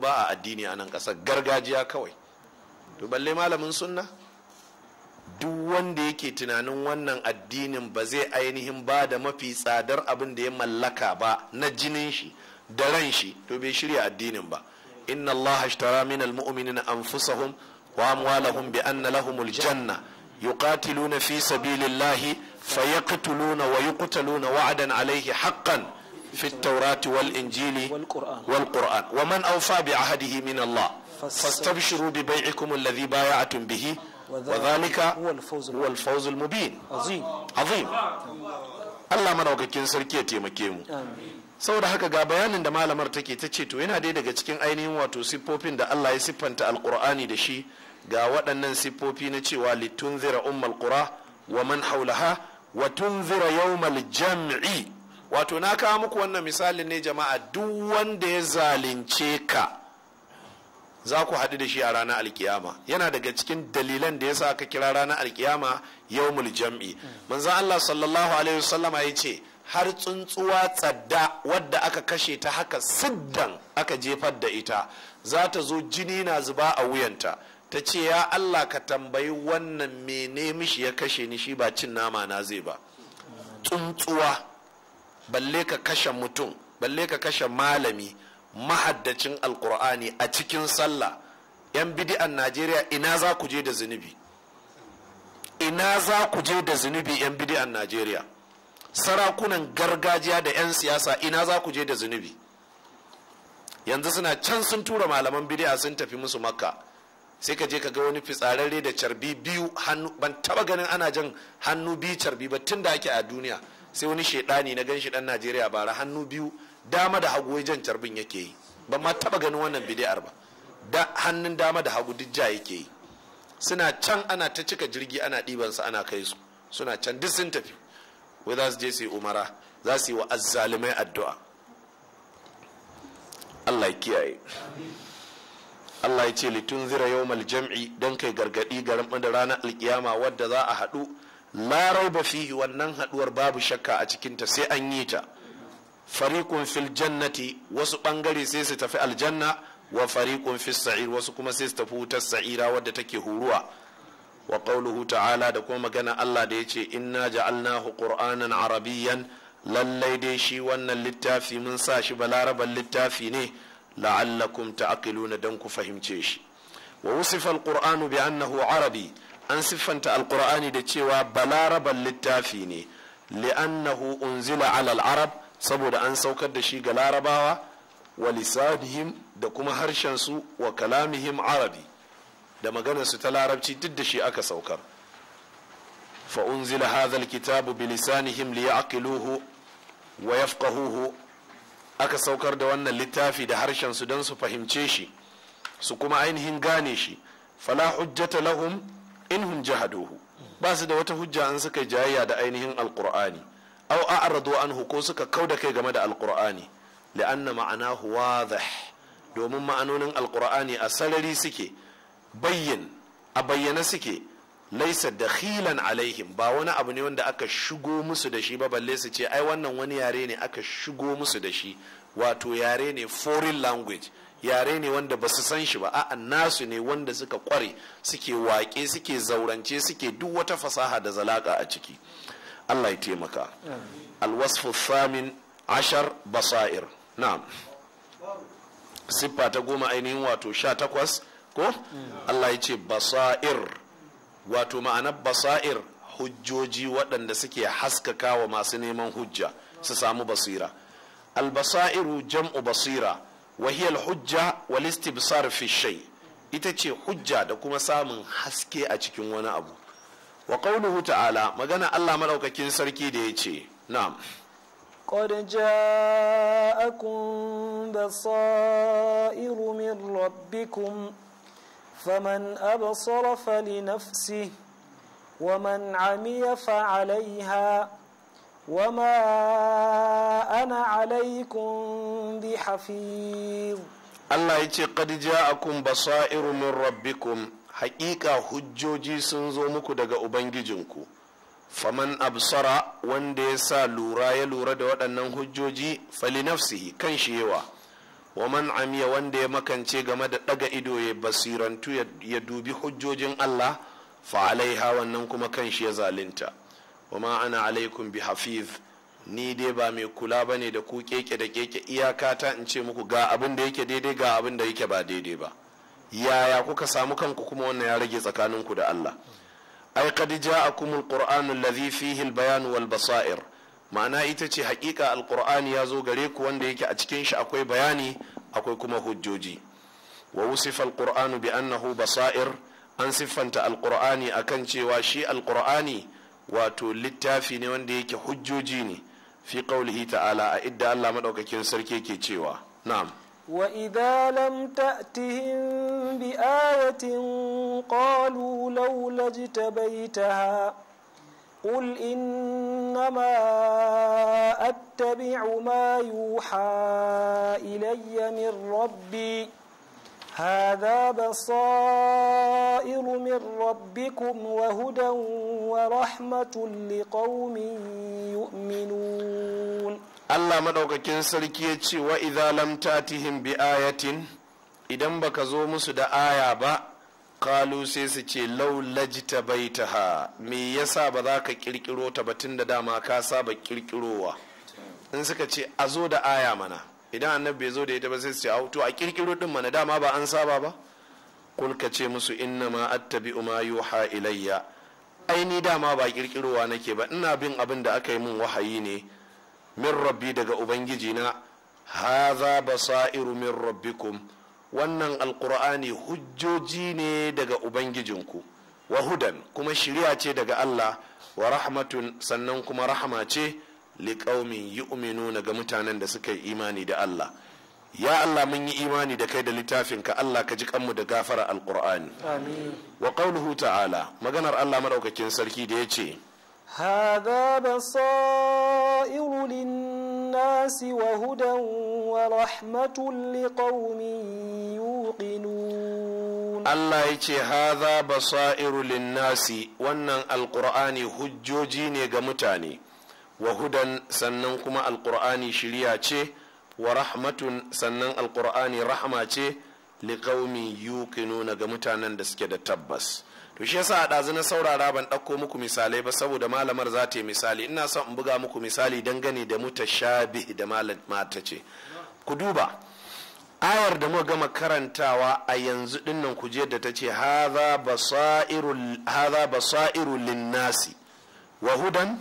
ba a addini a nan ƙasar gargajiya kawai to balle malamin sunna duk wanda yake tunanin wannan addinin ba zai ainihin ba da mafi tsadar abin da ya mallaka ba na jinin shi da ran shi to bai shirya addinin ba inna Allah ashtara min almu'minina anfusahum wa amwalahum bi anna lahumul janna yuqatiluna fi sabilillahi fayaqtuluna wa yuqtaluna wa'dan alayhi haqqan في التوراة والإنجيل والقرآن, والقرآن ومن أوفى بعهده من الله فاستبشروا ببيعكم الذي بايعتم به وذلك هو الفوز, المبين عظيم عظيم Allah madaukakin sarki ya taimake mu saboda haka ga bayanin da malamar take ta ce to yana dai daga cikin ainihin wato siffofin da Allah ya siffanta alkur'ani da shi ga waɗannan siffofi na cewa litunzira ummal qura wa man haulaha wa tunzira yawmal jam'i wato na kawo muku wannan misalin ne jama'a duk wanda ya zalunce ka za ku haɗu da shi a ranar alkiyama yana daga cikin dalilan da ya sa ka kira ranar alkiyama yawmul jam'i manzo Allah sallallahu alaihi wasallama ya ce har tsuntsuwa tsadda wadda aka kashe ta haka siddan aka jefar da ita za ta zo jini na zuba a wuyanta ta ce ya Allah ka tambayi wannan mene mishi ya kashe ni shi ba cin nama na zai ba tsuntsuwa balle ka kashe mutum balle ka kashe malami mahaddacin alkur'ani a cikin sallah yan bidi'an najeriya ina za ku je da zunubi ina za ku je da zunubi yan bidi'an najeriya sarakunan gargajiya da 'yan siyasa ina za ku je da zunubi yanzu suna can sun tura malaman bidi'a sun tafi musu makka sai ka je ka ga wani fitsararre da carbi biyu hannu ban taba ganin ana jan hannu biyu carbi ba tun da ake a duniya sai wani shaidani na ganshi dan najeriya bara hannu biyu dama da hagu wajen carbin yake yi ba ma taba ganin wannan bidiyar ba da hannun dama da hagu duk ja yake yi suna can ana ta cika jirgi ana ɗiban su ana kai su suna can duk sun tafi wai za su je su yi umara za su yi wa azalimai addu'a allah ya kiyaye allah ya ce litun zira yau jam'i don kai gargadi garin ranar alkiyama wadda za a haɗu la rauba fihi wannan haɗuwar babu shakka a cikinta sai an yi ta Fari fil jannati wasu bangare sai su tafi aljanna wa fariqun fis sa'ir wasu kuma sai su tafi wutar sa'ira wadda take huruwa wa qauluhu ta'ala da kuma magana Allah da yace inna ja'alnahu qur'anan arabiyyan lallai dai shi wannan littafi mun sa shi balaraban littafi ne la'allakum ta'qiluna dan ku fahimce shi wa wusifa al-qur'anu bi annahu arabi an siffanta alkur'ani da cewa balaraban littafi ne li'annahu unzila alal arab saboda an saukar da shi ga larabawa wa lisanihim da kuma harshen su wa kalamihim arabi da maganarsu ta larabci duk da shi aka saukar fa unzila hadha alkitabu bi lisanihim liyaqiluhu wa yafqahuhu aka saukar da wannan littafi da harshen su don su fahimce shi su kuma ainihin gane shi fala hujjata lahum inhum jahaduhu ba su da wata hujja an suka jayayya da ainihin alqur'ani aw a'radu anhu ko suka kauda kai game da alqur'ani li'anna ma'anahu wadih domin ma'anonin alqur'ani a sarari suke bayyin a bayyana suke laisa dakhilan alaihim ba wani abu ne wanda aka shigo musu da shi ba balle su ce ai wannan wani yare ne aka shigo musu da shi wato yare ne foreign language yare ne wanda ba su san shi ba a'a nasu ne wanda suka kware suke waƙe suke zaurance suke duk wata fasaha da zalaka a ciki Allah ya taimaka alwasfu famin ashar basair na. siffa ta goma ainihin wato sha takwas ko mm. Allah ya ce basair wato ma'ana basair hujjoji waɗanda suke haskaka wa masu neman hujja su samu basira albasairu jam'u basira وهي الحجة والاستبصار في الشيء itace hujja da kuma samun haske a cikin wani abu wa qawluhu ta'ala magana Allah madaukakin sarki da yace na'am قد جاءكم بصائر من ربكم فمن أبصر فلنفسه ومن عمي فعليها وما أنا عليكم بحفيظ Allah ya ce qad ja'akum basairu min rabbikum haƙiƙa hujjoji sun zo muku daga ubangijinku faman absara wanda ya sa lura ya lura da waɗannan hujjoji fali nafsihi kan yawa wa man amiya wanda ya makance game da ɗaga ido ya basirantu ya dubi hujjojin Allah fa alaiha wannan kuma kanshi ya zalunta wa ana alaikum bi hafiz ni dai ba mai kula ba ne da ku keke da keke iyaka ta in ce muku ga abin da yake daidai ga abin da yake ba daidai ba yaya kuka samu kanku kuma wannan ya rage tsakaninku da Allah ai qad ja'akum alqur'anu alladhi fihi albayan wal basair ma'ana ita ce hakika alqur'ani ya zo gare ku wanda yake a cikin shi akwai bayani akwai kuma hujjoji wa wusifa alqur'anu bi annahu basair an siffanta alqur'ani akan cewa shi alqur'ani wato littafi ne wanda yake hujjoji ne fi qaulihi ta'ala a idda Allah madaukakin sarki ke cewa na'am wa idza lam ta'tihim bi ayatin qalu laula jitabaitaha قل إنما أتبع ما يوحى إلي من ربي هذا بصائر من ربكم وهدى ورحمة لقوم يؤمنون الله مدوكاكين سلكيتي وإذا لم تأتهم بآية idan baka zo musu da aya ba kalu sai su ce laulajita baitaha me yasa ba za ka ƙirƙiro ta ba tun da dama ka saba kirkirowa in suka ce a zo da aya mana idan annabi bai zo da ita ba sai su auto a kirkiro din mana dama ba an saba ba kul ka ce musu inna ma attabi'u ma yuha ilayya ai ni dama ba kirkirowa nake ba ina bin abin da aka yi min wahayi ne min rabbi daga ubangiji na hadha basairu min rabbikum wannan alqur'ani hujjoji ne daga ubangijinku wa hudan kuma shiriya ce daga Allah wa rahmatun sannan kuma rahama ce liƙaumin yi na ga mutanen da suka yi imani da Allah ya Allah mun yi imani da kai da littafinka Allah ka ji kanmu da gafara Alƙur'ani. wa ƙaunuhu ta'ala maganar Allah maɗaukakin sarki da yace ce. basairu da nasi wa hudan wa rahmatun liƙaumin yuqinun Allah yace hadha basairu lin nasi wannan Alƙur'ani hujjoji ne ga mutane wa hudan sannan kuma alqur'ani shirya ce wa rahmatun sannan alqur'ani rahma ce liqaumi yuqinuna ga mutanen da suke da tabbas to shi yasa ɗazu na saurara ban ɗauko muku misalai ba saboda malamar za ta yi misali ina son in buga muku misali dangane da mutashabi da malama ta ce ku duba ayar da muka gama karantawa a yanzu dinnan ku je da ta ce haza basairu linnasi wa hudan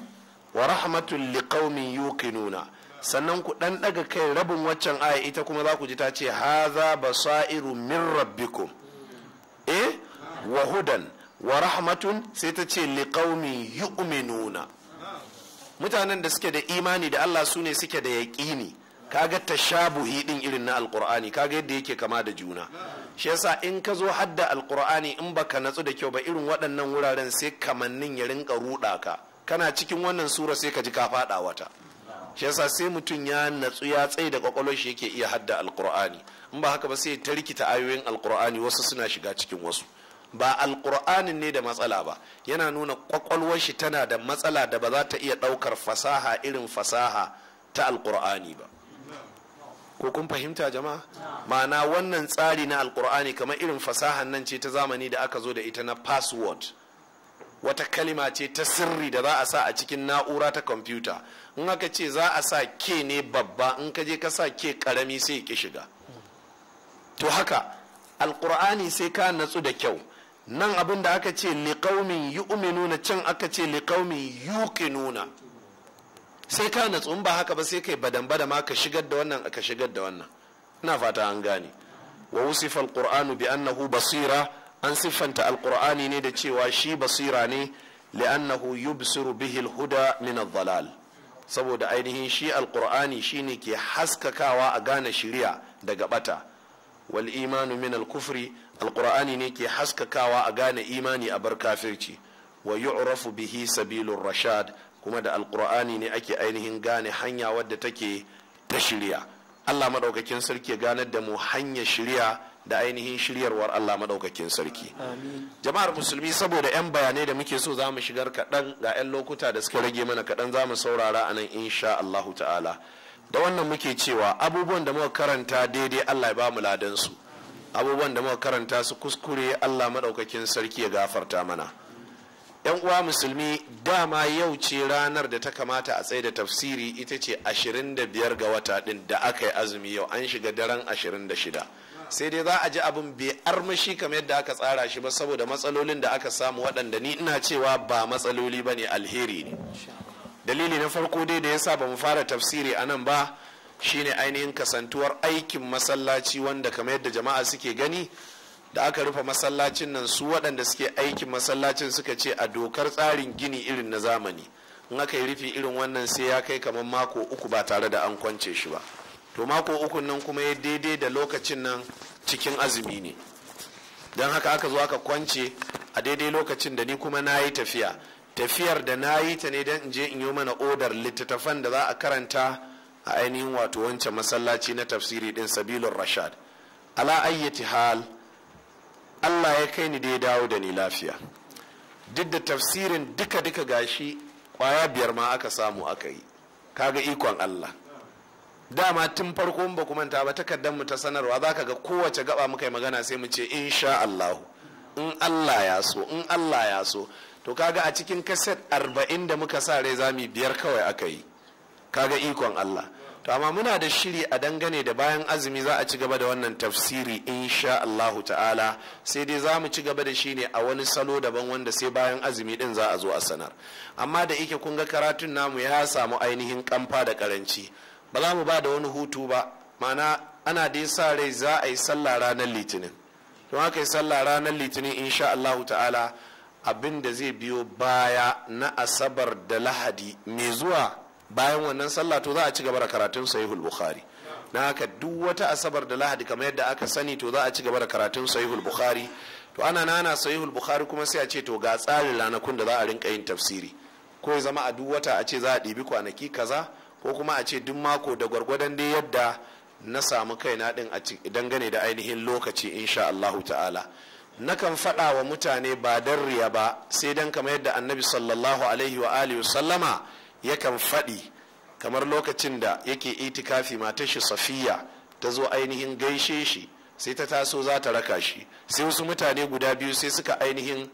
wa rahmatul liqaumin yuqinuna sannan ku dan daga kai rabin waccan aya ita kuma za ku ji ta ce hadha basairu min rabbikum eh wa hudan wa rahmatun sai ta ce liqaumin yu'minuna mutanen da suke da imani da Allah su ne suke da yaƙini kaga tashabuhi ɗin irin na alqur'ani kaga yadda yake kama da juna shi yasa in ka zo hadda alqur'ani in baka natsu da kyau ba irin waɗannan wuraren sai kamannin ya rinka ruɗa ka kana cikin wannan sura sai ka ji ka faɗa wata shi yasa sai mutum ya natsu ya tsaye da kwakwalwar shi yake iya hadda alkur'ani in ba haka ba sai ta rikita ayoyin alkur'ani wasu suna shiga cikin wasu ba alqur'anin ne da matsala ba yana nuna kwakwalwar shi tana da matsala da ba za ta iya ɗaukar fasaha irin fasaha ta alkur'ani ba ko kun fahimta jama'a ma'ana wannan tsari na alkur'ani kamar irin fasahan nan ce ta zamani da aka zo da ita na password wata kalima ce ta sirri da za a sa a cikin na'ura ta kwamfuta in aka ce za a sa ke ne babba in ka je ka sa ke karami sai ki shiga to haka alkur'ani sai ka natsu da kyau nan abin da aka ce liƙaumin yu'minuna can aka ce liƙaumin yuqinuna sai ka natsu in ba haka ba sai kai badan bada ma ka shigar da wannan ka shigar da wannan ina fata an gane wa wusifa alqur'anu bi annahu basira an siffanta alqur'ani ne da cewa shi basira ne li'annahu yubsiru bihi alhuda min adh-dhalal saboda ainihin shi alkur'ani shine ke haskakawa a gane shiriya daga bata wal imanu min al-kufri alkur'ani ne ke haskakawa a gane imani a bar kafirci wa yu'rafu bihi sabilur rashad kuma da alkur'ani ne ake ainihin gane hanya wadda take ta shiriya Allah madaukakin sarki ya ganar da mu hanyar shiriya da ainihin shiryarwar Allah madaukakin sarki jama'ar musulmi saboda yan bayanai da muke so za mu shigar kaɗan ga 'yan lokuta da suka rage mana kaɗan za mu saurara a nan insha Allahu ta'ala da wannan muke cewa abubuwan da muka karanta daidai Allah ya ba mu ladan su abubuwan da muka karanta su kuskure Allah madaukakin sarki ya gafarta mana yan uwa musulmi dama yau ce ranar da ta kamata a tsaye da tafsiri ita ce 25 ga wata din da aka yi azumi yau an shiga daren 26 sai dai za a ji abin bai armashi kamar yadda aka tsara shi ba saboda matsalolin da aka samu waɗanda ni ina cewa ba matsaloli ba ne alheri ne dalili na farko dai da yasa ba mu fara tafsiri a nan ba shine ainihin kasantuwar aikin masallaci wanda kamar yadda jama'a suke gani da aka rufe masallacin nan su waɗanda suke aikin masallacin suka ce a dokar tsarin gini irin na zamani in aka yi rufe irin wannan sai ya kai kamar mako uku ba tare da an kwance shi ba to mako uku nan kuma ya daidai da lokacin nan cikin azumi ne don haka aka zo aka kwance a daidai lokacin da ni kuma na yi tafiya tafiyar da na yi ta ne don in je in yi mana odar littattafan da za a karanta a ainihin wato wancan masallaci na tafsiri din sabilun rashad ala ayyati hal allah ya kai ni da ya dawo da ni lafiya duk da tafsirin duka-duka gashi kwaya biyar ma aka samu aka yi kaga ikon allah dama tun farko ba kuma ta ba takardar mu ta sanarwa za ka ga kowace gaba muka yi magana sai mu ce insha allah in allah ya so in allah ya so to kaga a cikin kaset arba'in da muka sa rai zami biyar kawai aka yi kaga ikon allah to amma muna da shiri a dangane da bayan azumi za a ci gaba da wannan tafsiri insha Allahu ta'ala sai dai za mu ci gaba da shi ne a wani salo daban wanda sai bayan azumi din za a zo a sanar amma da ike kun ga karatun namu ya samu ainihin kamfa da karanci ba za mu ba da wani hutu ba mana ana dai sa rai za a yi sallah ranar litinin don haka yi sallah ranar litinin insha Allahu ta'ala abin da zai biyo baya na asabar da lahadi mai zuwa bayan wannan sallah to za a ci gaba da karatun sahihul bukhari na haka duk wata asabar da lahadi kamar yadda aka sani to za a ci gaba da karatun sahihul bukhari to ana nana sahihul bukhari kuma sai a ce to ga tsarin ranakun da za a rinka yin tafsiri ko ya zama a duk wata a ce za a ɗibi kwanaki kaza ko kuma a ce duk mako da gwargwadon dai yadda na samu kaina din a ci dangane da ainihin lokaci insha Allahu ta'ala nakan faɗa wa mutane ba dan riya ba sai dan kamar yadda annabi sallallahu alaihi wa alihi sallama yakan faɗi kamar lokacin da yake itikafi matar shi safiya ta zo ainihin gaishe shi sai ta taso za ta raka shi sai wasu mutane guda biyu sai suka ainihin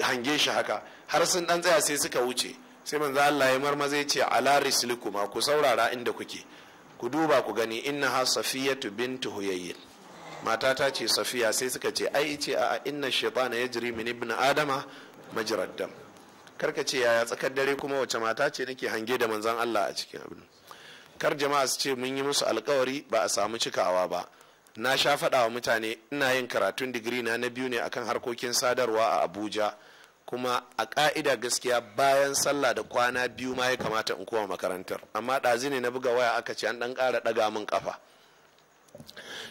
hange shi haka har sun dan tsaya sai suka wuce sai manzo Allah ya marmaza ce ala rislikuma ku saurara inda kuke ku duba ku gani innaha safiyatu bintu huyayyin mata ta ce safiya sai suka ce ai ce a inna shaytana yajri min ibn adama majrad dam karka ce yaya tsakar dare kuma wace mata ce nake hange da manzan Allah a cikin abin kar jama'a su ce mun yi musu alkawari ba a samu cikawa ba na sha faɗa wa mutane ina yin karatun digiri na na biyu ne akan harkokin sadarwa a abuja kuma a ka'ida gaskiya bayan sallah da kwana biyu ma ya kamata in koma makarantar amma ɗazi ne na buga waya aka ce an ɗan ƙara ɗaga min ƙafa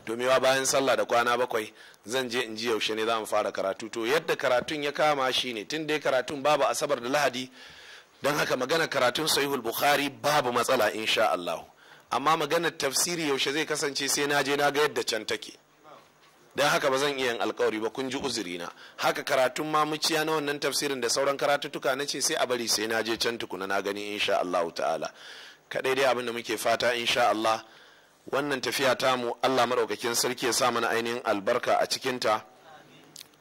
domin bayan sallah da kwana bakwai zan je in ji yaushe ne za mu fara karatu to yadda karatun ya kama shi ne tun dai karatun babu asabar da lahadi don haka magana karatun sahihul bukhari babu matsala insha Allah amma magana tafsiri yaushe zai kasance sai na je na ga yadda can take don haka ba zan iya yin alkawari ba kun ji uzuri na haka karatun ma mamuciya na wannan tafsirin da sauran karatuttuka na ce sai a bari sai na je can tukuna na gani insha Allah ta'ala kadai dai abin da muke fata insha Allah wannan tafiya tamu allah maɗaukakin sarki ya sa mana ainihin albarka a cikinta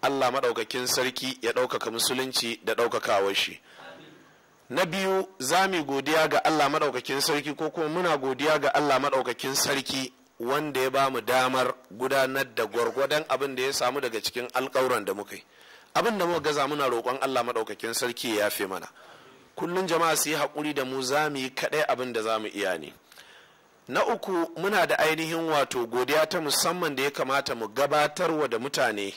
allah maɗaukakin sarki ya ɗaukaka musulunci da ɗaukaka shi na biyu za mu godiya ga allah maɗaukakin sarki ko kuma muna godiya ga allah maɗaukakin sarki wanda ya ba mu damar gudanar da gwargwadon abin da ya samu daga cikin alƙawuran da muka yi abin da muka gaza muna roƙon allah maɗaukakin sarki ya yafe mana kullum jama'a su yi haƙuri da mu za mu yi kaɗai abin da za mu iya ne na uku muna da ainihin wato godiya ta musamman da ya kamata mu gabatarwa da mutane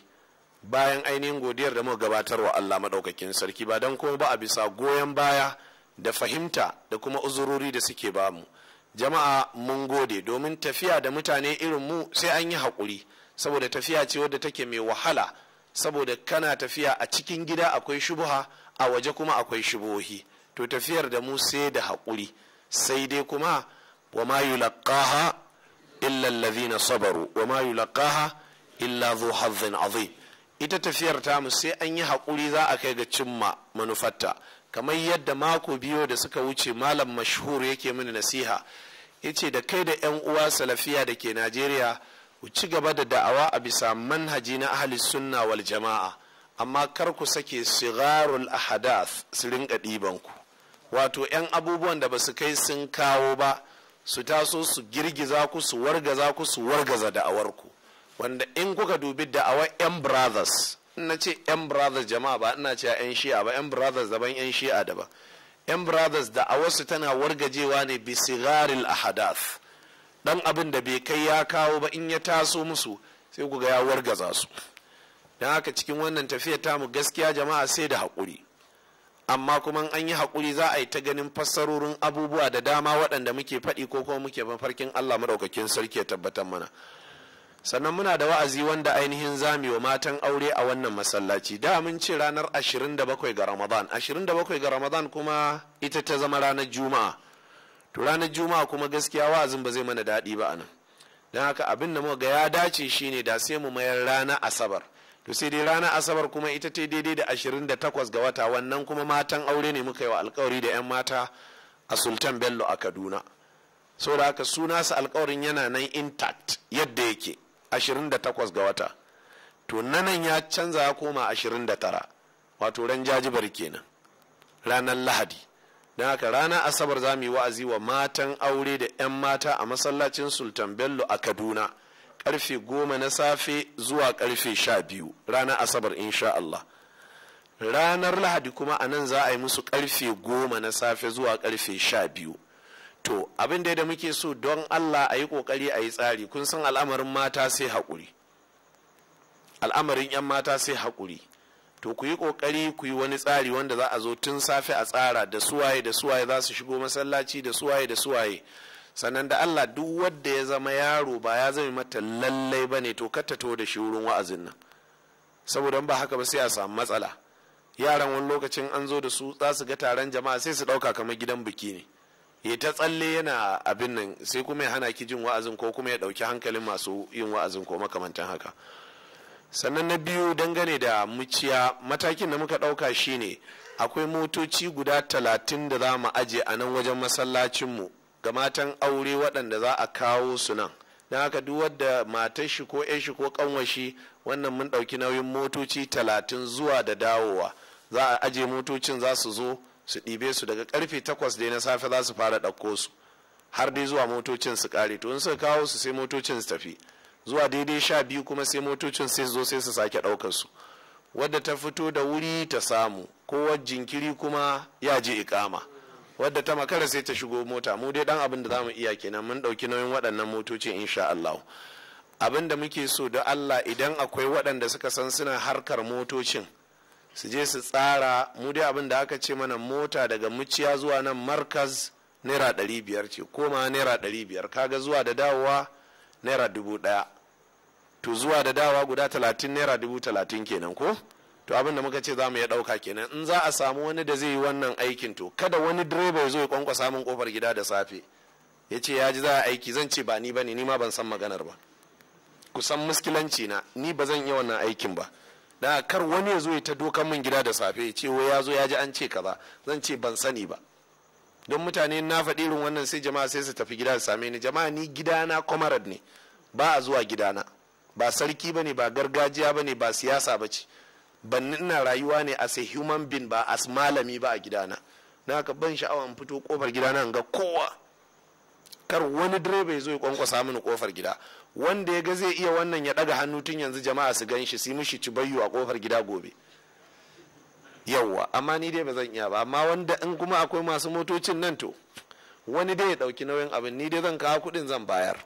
bayan ainihin godiyar da muka gabatarwa Allah maɗaukakin sarki ba don kuma ba a bisa goyon baya da fahimta da kuma uzurori da suke bamu jama'a mun gode domin tafiya da mutane irin mu sai an yi haƙuri saboda tafiya ce wadda take mai wahala saboda kana tafiya a cikin gida akwai shubuha a waje kuma akwai shubuhi to tafiyar da mu sai da haƙuri sai dai kuma wa ma yulaqaha illa na sabaru wa ma yulaqaha illa dhu azim ita tafiyar mu sai an yi haƙuri za a kai ga cimma manufarta kamar yadda mako biyu da suka wuce malam mashhur yake mini nasiha ya ce da kai da yan uwa salafiya da ke najeriya ku ci gaba da da'awa a bisa manhaji na ahli sunna wal jama'a amma kar ku sake sigarul ahadath su rinka ɗiban ku wato yan abubuwan da ba su kai sun kawo ba su taso su girgiza ku su wargaza ku su wargaza da'awar ku wanda in kuka dubi da'awar yan brothers na ce yan brothers jama'a ba ina cewa yan shi'a ba yan brothers daban yan shi'a daban yan brothers da'awarsu tana wargajewa ne bi sigaril ahadath dan abin da bai kai ya kawo ba in ya taso musu sai ku ga ya wargaza su dan haka cikin wannan tafiyar tamu gaskiya jama'a sai da haƙuri amma kuma an yi haƙuri za a yi ta ganin fassarorin abubuwa da dama waɗanda muke faɗi ko kuma muke mafarkin Allah maɗaukakin sarki ya tabbatar mana sannan muna da wa'azi wanda ainihin zami wa matan aure a wannan masallaci da mun ce ranar 27 ga ramadan 27 ga ramadan kuma ita ta zama ranar juma'a to ranar juma'a kuma gaskiya wa'azin ba zai mana daɗi ba anan don haka abin da muka ga ya dace shine da sai mu mayar rana asabar to sai dai ranar asabar kuma ita ta daidai da 28 ga wata wannan kuma matan aure ne muka yi wa alkawari da 'yan mata a sultan bello a kaduna sau saboda haka su alkawarin yana nan intact yadda yake 28 ga wata to nanan ya canza ya koma 29 wato ran jajibar kenan ranar lahadi don haka ranar asabar za mu yi wa'azi wa matan aure da 'yan mata a masallacin sultan bello a kaduna karfe goma na safe zuwa karfe sha biyu ranar asabar insha Allah ranar lahadi kuma a nan za a yi musu karfe goma na safe zuwa karfe sha biyu to abin da muke so don Allah a yi kokari a yi tsari kun san al'amarin mata sai haƙuri al'amarin 'yan mata sai haƙuri to ku yi kokari ku yi wani tsari wanda za a zo tun safe a tsara da suwaye da suwaye za su shigo masallaci da suwaye da suwaye sannan da Allah duk wanda ya zama yaro ba ya zama mata lallai ba ne to ta to da shi wurin wa'azin nan saboda ba haka ba sai a samu matsala yaran wani lokacin an zo da su za su ga taron jama'a sai su ɗauka kamar gidan biki ne ya ta tsalle yana abin nan sai kuma ya hana ki jin wa'azin ko kuma ya ɗauki hankalin masu yin wa'azin ko makamantan haka sannan na biyu dangane da muciya matakin da muka ɗauka shine akwai motoci guda talatin da za mu aje a nan wajen masallacinmu ga matan aure waɗanda za a kawo su nan don haka duk wadda matar shi ko shi ko kanwashi wannan mun ɗauki nauyin motoci talatin zuwa da dawowa za a aje motocin za su zo su ɗibe su daga karfe takwas dai na safe za su fara ɗauko su har dai zuwa motocin su ƙare to in suka kawo su sai motocin su tafi zuwa daidai sha biyu kuma sai motocin sai zo sai su sake ɗaukar su wadda ta fito da wuri ta samu ko jinkiri kuma ya je ikama wadda ta makara sai ta shigo mota mu dai dan abin da zamu iya kenan mun dauki nauyin waɗannan motoci insha Allah abin da muke so da Allah idan akwai waɗanda suka san suna harkar motocin su je su tsara mu dai abin da aka ce mana mota daga muciya zuwa nan markaz naira ɗari biyar ce koma naira ɗari biyar kaga zuwa da dawowa naira dubu ɗaya to zuwa da dawowa guda talatin naira dubu talatin kenan ko to abin da muka ce za mu ya ɗauka kenan in za a samu wani da zai yi wannan aikin to kada wani direba ya zo ya kwankwasa min kofar gida da safe ya ce ya ji za a aiki zan ce ba ni ba ni ma ban san maganar ba kusan muskilanci na ni ba zan iya wannan aikin ba da kar wani ya zo ya ta dokan mun gida da safe ya ce ya zo ya ji an ce kaza zan ce ban sani ba don mutane na faɗi irin wannan sai jama'a sai su tafi gida su same ni jama'a ni gidana comrade ne ba a zuwa gidana ba sarki ba ne ba gargajiya ba ne ba siyasa ba ce ban ina rayuwa ne as a human bin ba as malami ba a gidana na ka ban sha'awa in fito kofar gidana in ga kowa kar wani direba ya zo ya kwankwasa mini kofar gida wanda ya ga zai iya wannan ya daga hannu tun yanzu jama'a su gan shi su yi mishi cibayyu a kofar gida gobe yawwa amma ni dai ba zan iya ba amma wanda in kuma akwai masu motocin nan to wani dai ya dauki nauyin abin ni dai zan kawo kudin zan bayar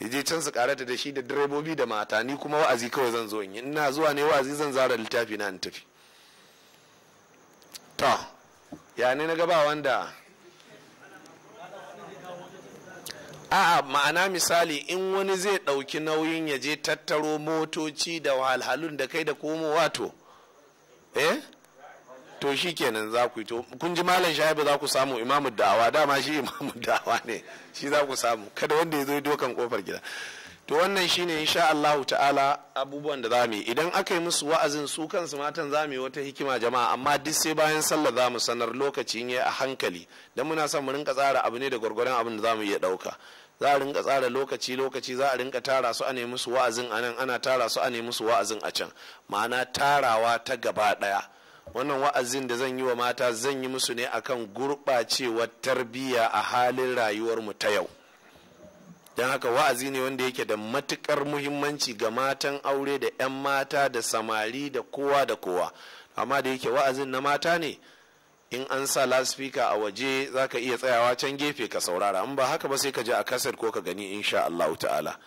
ya je can su karata da shi da direbobi da mata ni kuma wa'azi kawai zan zo in yi ina zuwa ne wa'azi zan zara littafi na in tafi ta ya ne na gaba wanda a'a ma'ana misali in wani zai ɗauki nauyin ya je tattaro motoci da wahalhalun da kai da komowa to eh to shi kenan za ku yi to kun ji malam shaibu za ku samu imamu da'awa dama shi imamu da'awa ne shi za ku samu kada wanda ya zo dokan kofar gida to wannan shine insha Allah ta'ala abubuwan da za mu yi idan aka yi musu wa'azin su kansu matan za mu yi wata hikima jama'a amma duk sai bayan sallah za mu sanar lokacin ya a hankali dan muna son mu rinka tsara abu ne da gurgurun abin da za mu iya dauka za a rinka tsara lokaci lokaci za a rinka tara su a nemi su wa'azin a ana tara su a nemi su wa'azin a can ma'ana tarawa ta gaba daya wannan wa'azin da zan yi wa mata zan yi musu ne akan gurɓacewar tarbiyya a halin rayuwarmu ta yau don haka wa'azi ne wanda yake da matukar muhimmanci ga matan aure da 'yan mata da samari da kowa da kowa amma da yake wa'azin na mata ne in an sa lasifika a waje zaka iya tsayawa can gefe ka saurara in ba haka ba sai ka je a kasar ko ka gani insha Allah ta'ala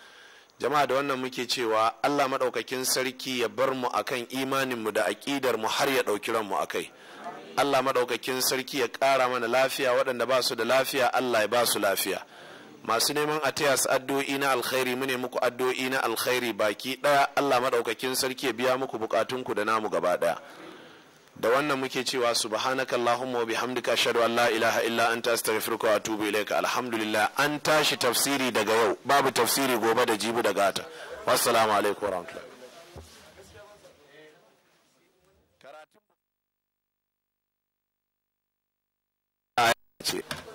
jama'a da wannan muke cewa allah maɗaukakin sarki ya bar mu akan mu da aƙidar mu har ya ɗauki ranmu a kai allah maɗaukakin sarki ya ƙara mana lafiya waɗanda ba su da lafiya allah ya ba su lafiya masu neman a taya su addu'o'i na alkhairi mune ne muku addu'o'i na alkhairi baki ɗaya allah maɗaukakin sarki ya biya muku buƙatunku da namu gaba ɗaya da wannan muke cewa subhanaka allahumma wa bihamdika ashhadu an la ilaha illa anta astaghfiruka wa atubu ilaika alhamdulillah an tashi tafsiri daga yau babu tafsiri gobe da jibu da ta wassalamu alaikum warahmatullahi ce